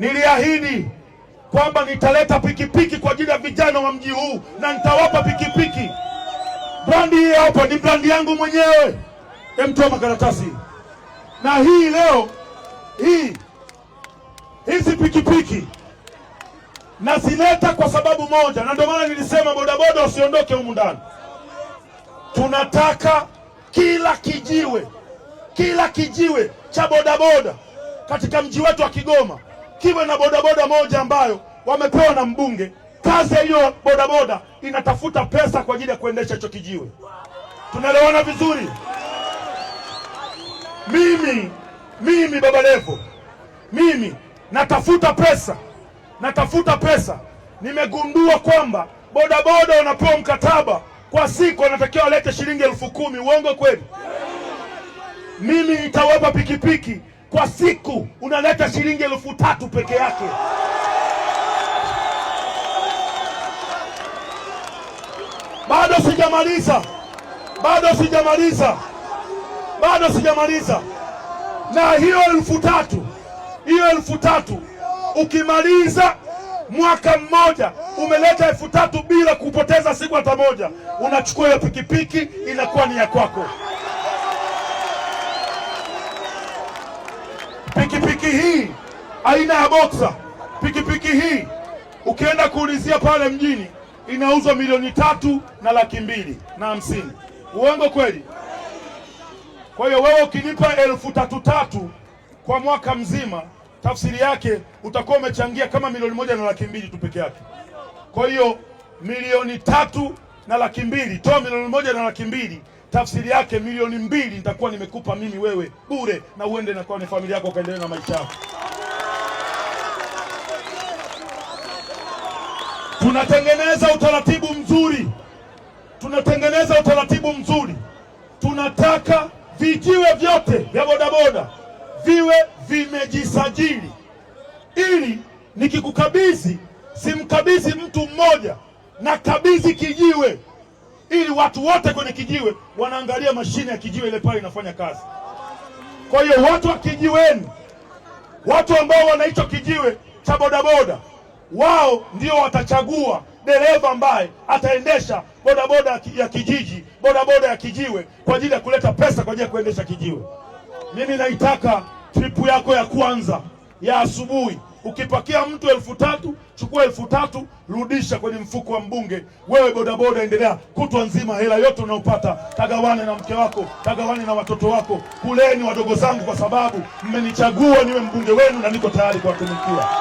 Niliahidi kwamba nitaleta pikipiki kwa ajili ya vijana wa mji huu na nitawapa pikipiki. Brandi hii hapa ni brandi yangu mwenyewe. Emtoa makaratasi na hii leo hii, hizi pikipiki nazileta kwa sababu moja, na ndio maana nilisema bodaboda usiondoke humu ndani. Tunataka kila kijiwe, kila kijiwe cha bodaboda katika mji wetu wa Kigoma kiwe na bodaboda moja ambayo wamepewa na mbunge. Kazi ya hiyo bodaboda inatafuta pesa kwa ajili ya kuendesha hicho kijiwe. Tunaelewana vizuri? Mimi mimi Baba Levo, mimi natafuta pesa, natafuta pesa. Nimegundua kwamba bodaboda wanapewa mkataba kwa siku, wanatakiwa walete shilingi elfu kumi. Uongo kweli? Mimi nitawapa pikipiki kwa siku unaleta shilingi elfu tatu peke yake. Bado sijamaliza, bado sijamaliza, bado sijamaliza. Na hiyo elfu tatu hiyo elfu tatu ukimaliza mwaka mmoja umeleta elfu tatu bila kupoteza siku hata moja, unachukua hiyo pikipiki inakuwa ni ya kwako. Pikipiki hii aina ya boksa pikipiki hii ukienda kuulizia pale mjini inauzwa milioni tatu na laki mbili na hamsini. Uongo kweli? Kwa hiyo wewe ukinipa elfu tatu tatu kwa mwaka mzima, tafsiri yake utakuwa umechangia kama milioni moja na laki mbili tu peke yake. Kwa hiyo milioni tatu na laki mbili toa milioni moja na laki mbili tafsiri yake milioni mbili nitakuwa nimekupa mimi wewe bure, na uende na kwenye familia yako ukaendelee na maisha yako. Tunatengeneza utaratibu mzuri, tunatengeneza utaratibu mzuri. Tunataka vijiwe vyote vya bodaboda viwe vimejisajili, ili nikikukabidhi simkabidhi mtu mmoja, na kabidhi kijiwe ili watu wote kwenye kijiwe wanaangalia mashine ya kijiwe ile pale inafanya kazi. Kwa hiyo watu wa kijiweni, watu ambao wanaitwa kijiwe cha bodaboda, wao ndio watachagua dereva ambaye ataendesha bodaboda ya kijiji, bodaboda ya kijiwe kwa ajili ya kuleta pesa kwa ajili ya kuendesha kijiwe. Mimi naitaka tripu yako ya kwanza ya asubuhi ukipakia mtu elfu tatu chukua elfu tatu rudisha kwenye mfuko wa mbunge. Wewe bodaboda, endelea kutwa nzima, hela yote unayopata tagawane na mke wako, tagawane na watoto wako. Kuleni wadogo zangu, kwa sababu mmenichagua niwe mbunge wenu na niko tayari kuwatumikia.